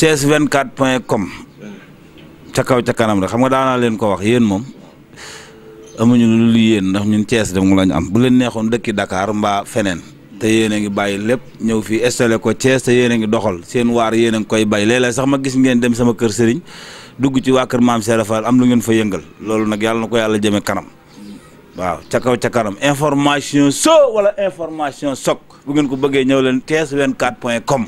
Thiès 24 point com ca kaw ca kanam rek xam nga daanaa leen ko wax yéen moom amuñu lu lu yéen ndax ñun Thiès dem lañu am bu leen neexoon dëkki dakaar mbaa feneen te yéen a ngi bàyyi lépp ñëw fii installé ko Thiès te yéen a ngi doxal seen waar yéen a ngi koy bay léeg sax ma gis ngeen dem sama kër sëriñ dugg ci waa kër maam Cheikh fa am lu ngeen fa yëngal loolu nag yàlla na ko yàlla jëme kanam waaw ca kaw ca kanam information so wala information sok bu ngeen ko bëggee ñëw leen Thiès 24 point com.